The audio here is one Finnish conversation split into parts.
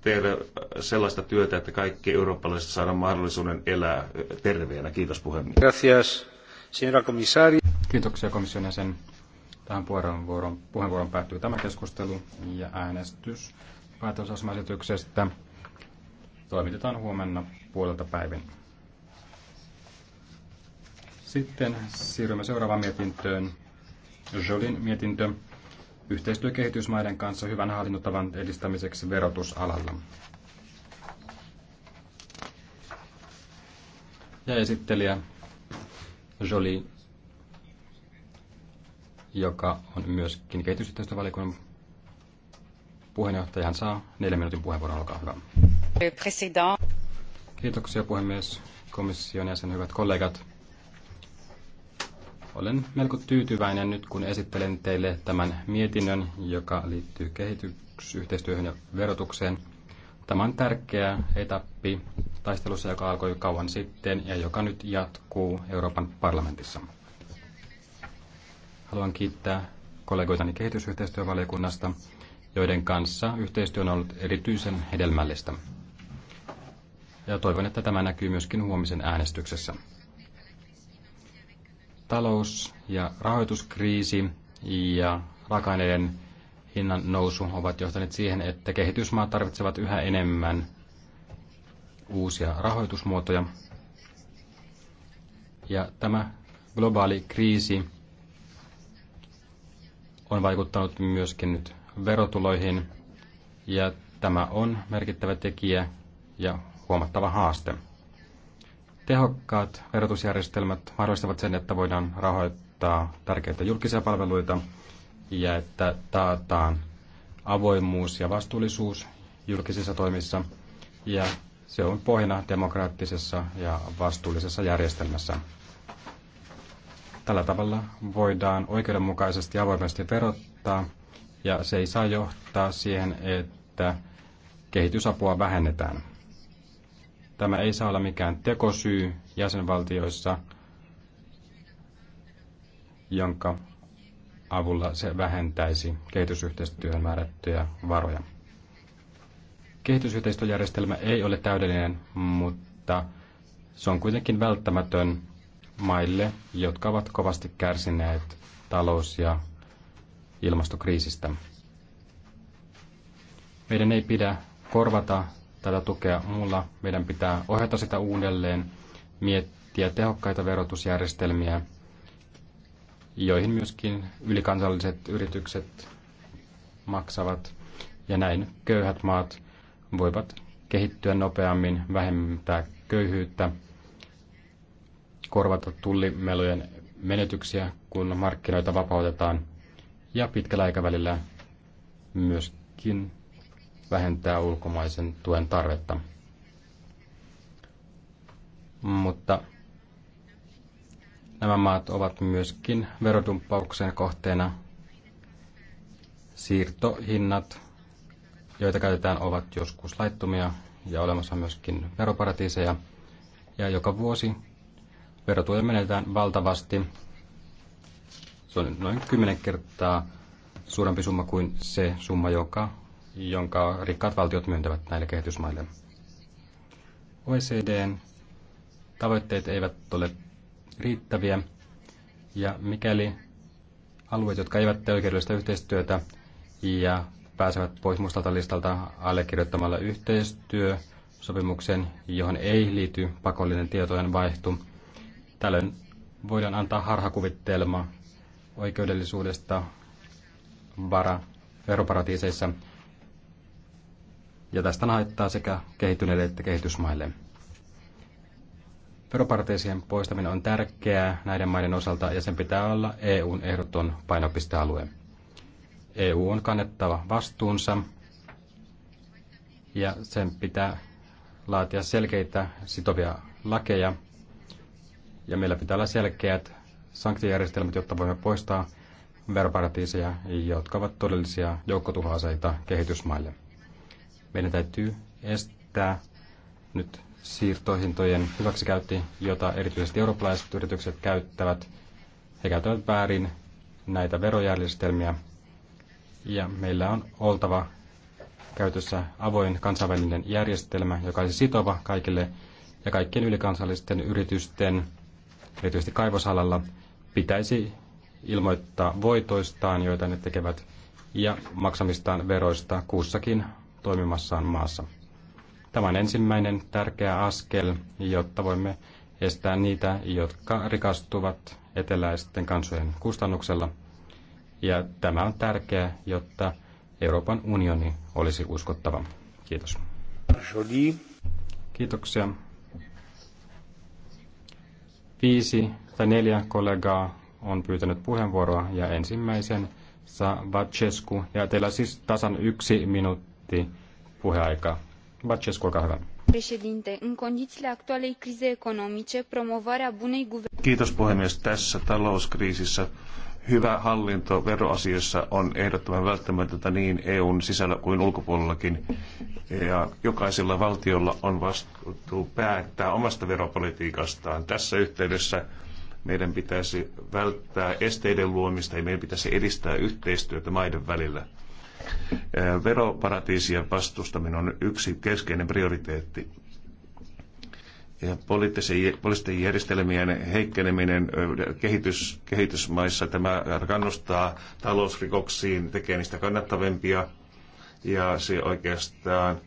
tehdä sellaista työtä, että kaikki eurooppalaiset saadaan mahdollisuuden elää terveenä. Kiitos puhemies. Gracias, señora komissaari. Kiitoksia komission jäsen. Tähän puheenvuoron, puheenvuoron päättyy tämä keskustelu ja äänestys päätösasmaesityksestä toimitetaan huomenna puolelta päivin. Sitten siirrymme seuraavaan mietintöön. Jolin mietintö yhteistyö kehitysmaiden kanssa hyvän hallinnotavan edistämiseksi verotusalalla. Ja esittelijä Jolie, joka on myöskin kehitysyhteistyövaliokunnan puheenjohtaja. Hän saa neljän minuutin puheenvuoron. Olkaa hyvä. Kiitoksia puhemies, komission jäsen, hyvät kollegat olen melko tyytyväinen nyt, kun esittelen teille tämän mietinnön, joka liittyy kehitysyhteistyöhön ja verotukseen. Tämä on tärkeä etappi taistelussa, joka alkoi kauan sitten ja joka nyt jatkuu Euroopan parlamentissa. Haluan kiittää kollegoitani kehitysyhteistyövaliokunnasta, joiden kanssa yhteistyö on ollut erityisen hedelmällistä. Ja toivon, että tämä näkyy myöskin huomisen äänestyksessä talous- ja rahoituskriisi ja raaka-aineiden hinnan nousu ovat johtaneet siihen, että kehitysmaat tarvitsevat yhä enemmän uusia rahoitusmuotoja. Ja tämä globaali kriisi on vaikuttanut myöskin nyt verotuloihin, ja tämä on merkittävä tekijä ja huomattava haaste. Tehokkaat verotusjärjestelmät mahdollistavat sen, että voidaan rahoittaa tärkeitä julkisia palveluita ja että taataan avoimuus ja vastuullisuus julkisissa toimissa ja se on pohjana demokraattisessa ja vastuullisessa järjestelmässä. Tällä tavalla voidaan oikeudenmukaisesti ja avoimesti verottaa ja se ei saa johtaa siihen, että kehitysapua vähennetään. Tämä ei saa olla mikään tekosyy jäsenvaltioissa, jonka avulla se vähentäisi kehitysyhteistyöhön määrättyjä varoja. Kehitysyhteistyöjärjestelmä ei ole täydellinen, mutta se on kuitenkin välttämätön maille, jotka ovat kovasti kärsineet talous- ja ilmastokriisistä. Meidän ei pidä korvata tätä tukea muulla. Meidän pitää ohjata sitä uudelleen, miettiä tehokkaita verotusjärjestelmiä, joihin myöskin ylikansalliset yritykset maksavat. Ja näin köyhät maat voivat kehittyä nopeammin, vähentää köyhyyttä, korvata tullimelujen menetyksiä, kun markkinoita vapautetaan. Ja pitkällä aikavälillä myöskin vähentää ulkomaisen tuen tarvetta. Mutta nämä maat ovat myöskin verodumppauksen kohteena. Siirtohinnat, joita käytetään, ovat joskus laittomia ja olemassa myöskin veroparatiiseja. Ja joka vuosi verotuja menetetään valtavasti. Se on noin 10 kertaa suurempi summa kuin se summa, joka jonka rikkaat valtiot myöntävät näille kehitysmaille. OECDn tavoitteet eivät ole riittäviä, ja mikäli alueet, jotka eivät tee oikeudellista yhteistyötä ja pääsevät pois mustalta listalta allekirjoittamalla yhteistyösopimuksen, johon ei liity pakollinen tietojen vaihtu, tällöin voidaan antaa harhakuvittelma oikeudellisuudesta vara veroparatiiseissa, ja tästä on haittaa sekä kehittyneille että kehitysmaille. Veroparteisien poistaminen on tärkeää näiden maiden osalta ja sen pitää olla EUn ehdoton painopistealue. EU on kannettava vastuunsa ja sen pitää laatia selkeitä sitovia lakeja ja meillä pitää olla selkeät sanktiojärjestelmät, jotta voimme poistaa veroparatiiseja, jotka ovat todellisia joukkotuhoaseita kehitysmaille. Meidän täytyy estää nyt siirtohintojen hyväksikäytti, jota erityisesti eurooppalaiset yritykset käyttävät. He käyttävät väärin näitä verojärjestelmiä ja meillä on oltava käytössä avoin kansainvälinen järjestelmä, joka olisi sitova kaikille ja kaikkien ylikansallisten yritysten, erityisesti kaivosalalla, pitäisi ilmoittaa voitoistaan, joita ne tekevät, ja maksamistaan veroista kuussakin toimimassaan maassa. Tämä on ensimmäinen tärkeä askel, jotta voimme estää niitä, jotka rikastuvat eteläisten kansojen kustannuksella. Ja tämä on tärkeää, jotta Euroopan unioni olisi uskottava. Kiitos. Kiitoksia. Viisi tai neljä kollegaa on pyytänyt puheenvuoroa ja ensimmäisen saa Vacescu. Ja teillä siis tasan yksi minuutti minuuttia puheaikaa. Bacescu, olkaa hyvä. În condițiile actualei crize economice, promovarea bunei guvernanțe... Kiitos puhemies. Tässä talouskriisissä hyvä hallinto veroasioissa on ehdottoman välttämätöntä niin EUn sisällä kuin ulkopuolellakin. Ja jokaisella valtiolla on vastuu päättää omasta veropolitiikastaan. Tässä yhteydessä meidän pitäisi välttää esteiden luomista ja meidän pitäisi edistää yhteistyötä maiden välillä. Veroparatiisien vastustaminen on yksi keskeinen prioriteetti. Ja poliittisten järjestelmien heikkeneminen kehitys, kehitysmaissa, tämä kannustaa talousrikoksiin, tekee niistä kannattavimpia ja se oikeastaan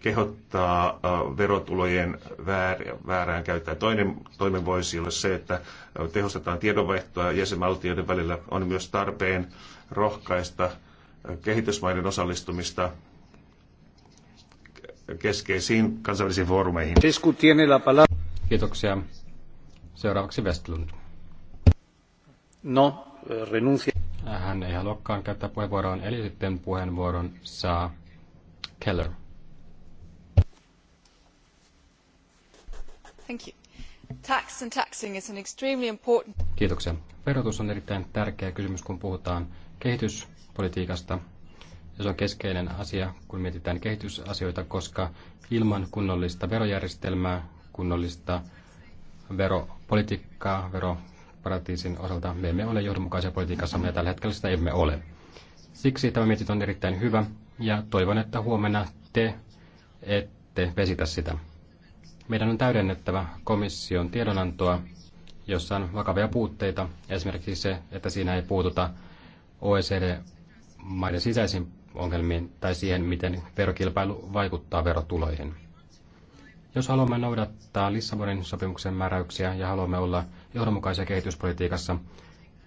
kehottaa verotulojen väärään käyttöön. Toinen toimi voisi olla se, että tehostetaan tiedonvaihtoa jäsenvaltioiden välillä. On myös tarpeen rohkaista kehitysmaiden osallistumista keskeisiin kansainvälisiin foorumeihin. Kiitoksia. Seuraavaksi Westlund. No, eh, renuncia. Hän ei halukkaan käyttää puheenvuoroon, eli sitten puheenvuoron saa Keller. Thank you. Tax and taxing is an extremely important... Kiitoksia. Verotus on erittäin tärkeä kysymys, kun puhutaan kehitys politiikasta. Ja se on keskeinen asia, kun mietitään kehitysasioita, koska ilman kunnollista verojärjestelmää, kunnollista veropolitiikkaa, veroparatiisin osalta me emme ole johdonmukaisia politiikassa, me tällä hetkellä sitä emme ole. Siksi tämä mietintö on erittäin hyvä ja toivon, että huomenna te ette vesitä sitä. Meidän on täydennettävä komission tiedonantoa, jossa on vakavia puutteita, esimerkiksi se, että siinä ei puututa OECD maiden sisäisiin ongelmiin tai siihen, miten verokilpailu vaikuttaa verotuloihin. Jos haluamme noudattaa Lissabonin sopimuksen määräyksiä ja haluamme olla johdonmukaisia kehityspolitiikassa,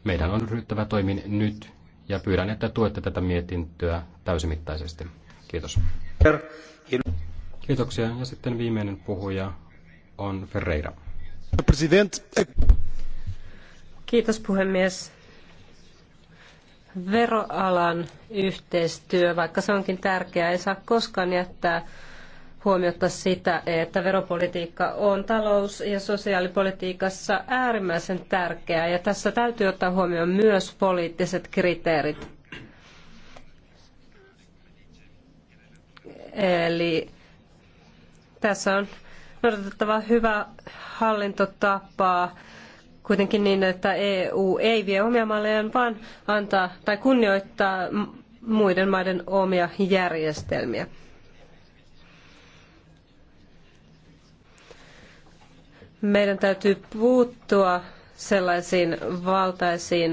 meidän on ryhtyvä toimiin nyt ja pyydän, että tuette tätä mietintöä täysimittaisesti. Kiitos. Kiitoksia. Ja sitten viimeinen puhuja on Ferreira. Eh- Kiitos puhemies veroalan yhteistyö, vaikka se onkin tärkeää, ei saa koskaan jättää huomiota sitä, että veropolitiikka on talous- ja sosiaalipolitiikassa äärimmäisen tärkeää ja tässä täytyy ottaa huomioon myös poliittiset kriteerit. Eli tässä on noudatettava hyvää hallintotapaa kuitenkin niin, että EU ei vie omia mallejaan, vaan antaa tai kunnioittaa muiden maiden omia järjestelmiä. Meidän täytyy puuttua sellaisiin valtaisiin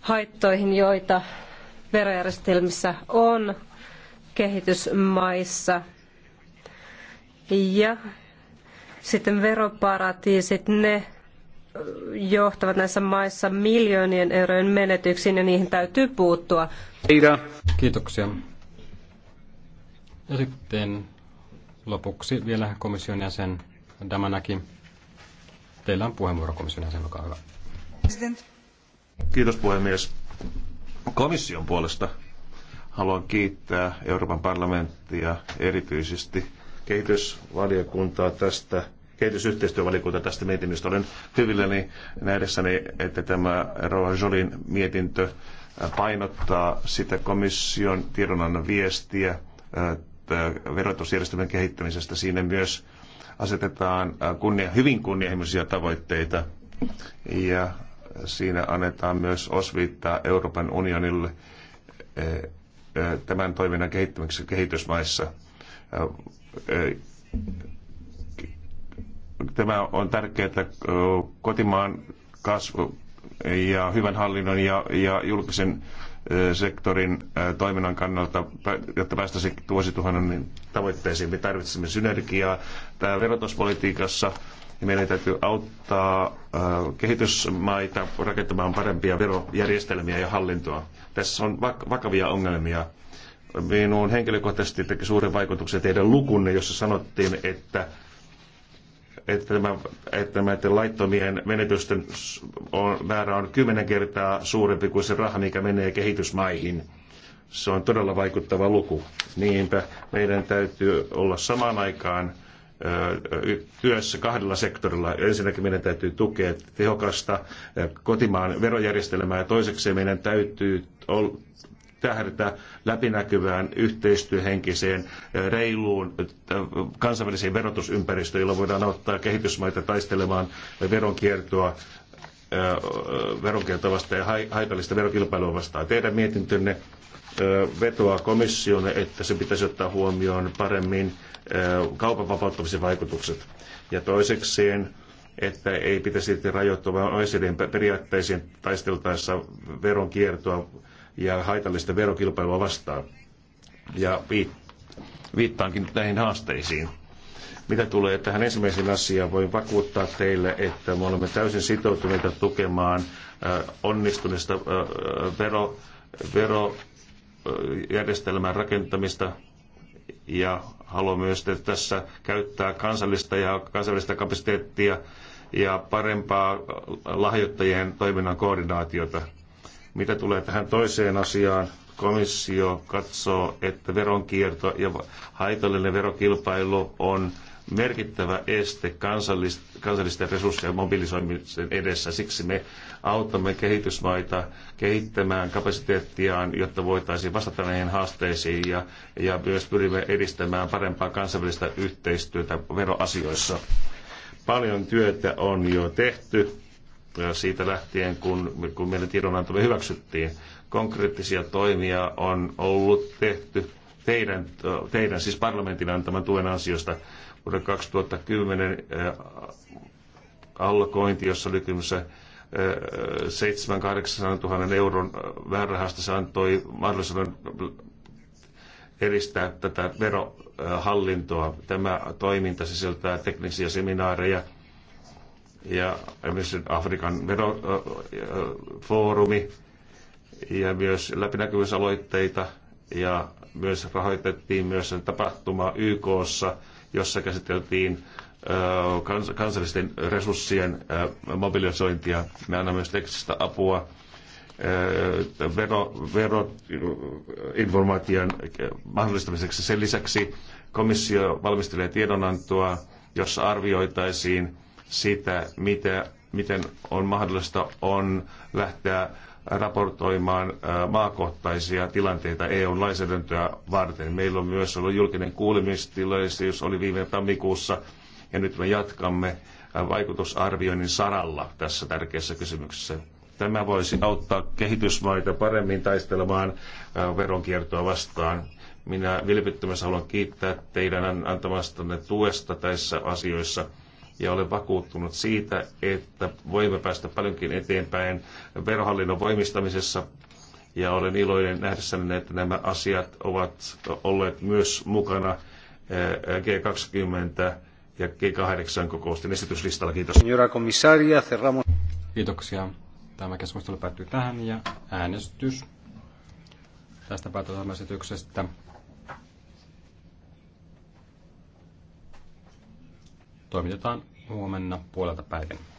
haittoihin, joita verojärjestelmissä on kehitysmaissa. Ja sitten veroparatiisit, ne johtavat näissä maissa miljoonien eurojen menetyksiin ja niihin täytyy puuttua. Kiitoksia. Ja sitten lopuksi vielä komission jäsen Damanaki. Teillä on puheenvuoro komission jäsen, olkaa hyvä. Kiitos puhemies. Komission puolesta haluan kiittää Euroopan parlamenttia erityisesti kehitysvaliokuntaa tästä kehitysyhteistyövaliokunta tästä mietinnöstä. Olen hyvilläni nähdessäni, että tämä Rova Jolin mietintö äh, painottaa sitä komission tiedonannon viestiä äh, verotusjärjestelmän kehittämisestä. Siinä myös asetetaan äh, kunnia, hyvin kunnianhimoisia tavoitteita ja siinä annetaan myös osviittaa Euroopan unionille tämän toiminnan kehittämiseksi kehitysmaissa Tämä on tärkeää kotimaan kasvu ja hyvän hallinnon ja, ja julkisen sektorin toiminnan kannalta, jotta päästäisiin vuosituhannen tavoitteisiin. Me tarvitsemme synergiaa tämä verotuspolitiikassa ja meidän täytyy auttaa kehitysmaita rakentamaan parempia verojärjestelmiä ja hallintoa. Tässä on vakavia ongelmia. Minun henkilökohtaisesti teki suuren vaikutuksen teidän lukunne, jossa sanottiin, että että, tämä, että näiden laittomien menetysten on, määrä on kymmenen kertaa suurempi kuin se raha, mikä menee kehitysmaihin. Se on todella vaikuttava luku. Niinpä meidän täytyy olla samaan aikaan työssä kahdella sektorilla. Ensinnäkin meidän täytyy tukea tehokasta kotimaan verojärjestelmää ja toiseksi meidän täytyy tähdätä läpinäkyvään yhteistyöhenkiseen, reiluun kansainväliseen verotusympäristöön, jolla voidaan auttaa kehitysmaita taistelemaan veronkiertoa veronkiertoa vastaan ja haitallista verokilpailua vastaan. Teidän mietintönne vetoaa komissiolle, että se pitäisi ottaa huomioon paremmin kaupan vapauttamisen vaikutukset. Ja toisekseen, että ei pitäisi rajoittua vain OECDn periaatteisiin taisteltaessa veronkiertoa ja haitallista verokilpailua vastaan. Ja viittaankin nyt näihin haasteisiin. Mitä tulee tähän ensimmäiseen asiaan, voin vakuuttaa teille, että me olemme täysin sitoutuneita tukemaan äh, onnistunista äh, vero, verojärjestelmän rakentamista ja haluan myös tässä käyttää kansallista ja kansainvälistä kapasiteettia ja parempaa lahjoittajien toiminnan koordinaatiota. Mitä tulee tähän toiseen asiaan, komissio katsoo, että veronkierto ja haitallinen verokilpailu on merkittävä este kansallisten resurssien mobilisoimisen edessä. Siksi me autamme kehitysmaita kehittämään kapasiteettiaan, jotta voitaisiin vastata näihin haasteisiin ja, ja myös pyrimme edistämään parempaa kansainvälistä yhteistyötä veroasioissa. Paljon työtä on jo tehty siitä lähtien, kun, kun meidän tiedonantomme hyväksyttiin. Konkreettisia toimia on ollut tehty teidän, teidän siis parlamentin antaman tuen ansiosta vuoden 2010 äh, allokointi, jossa oli kymmenessä 7 äh, 000 euron äh, väärahasta se antoi mahdollisuuden edistää tätä verohallintoa. Tämä toiminta sisältää teknisiä seminaareja, ja myös Afrikan verofoorumi ja myös läpinäkyvyysaloitteita ja myös rahoitettiin myös tapahtuma YKssa, jossa käsiteltiin kansallisten resurssien mobilisointia. Me annamme myös tekstistä apua vero, mahdollistamiseksi. Sen lisäksi komissio valmistelee tiedonantoa, jossa arvioitaisiin sitä, mitä, miten on mahdollista on lähteä raportoimaan maakohtaisia tilanteita EU-lainsäädäntöä varten. Meillä on myös ollut julkinen kuulemistilaisuus, oli viime tammikuussa, ja nyt me jatkamme vaikutusarvioinnin saralla tässä tärkeässä kysymyksessä. Tämä voisi auttaa kehitysmaita paremmin taistelemaan veronkiertoa vastaan. Minä vilpittömästi haluan kiittää teidän antamastanne tuesta tässä asioissa ja olen vakuuttunut siitä, että voimme päästä paljonkin eteenpäin verohallinnon voimistamisessa ja olen iloinen nähdessäni, että nämä asiat ovat olleet myös mukana eh, G20 ja G8 kokousten esityslistalla. Kiitos. Kiitoksia. Tämä keskustelu päättyy tähän ja äänestys tästä päätösosamaisityksestä toimitetaan huomenna puolelta päivin.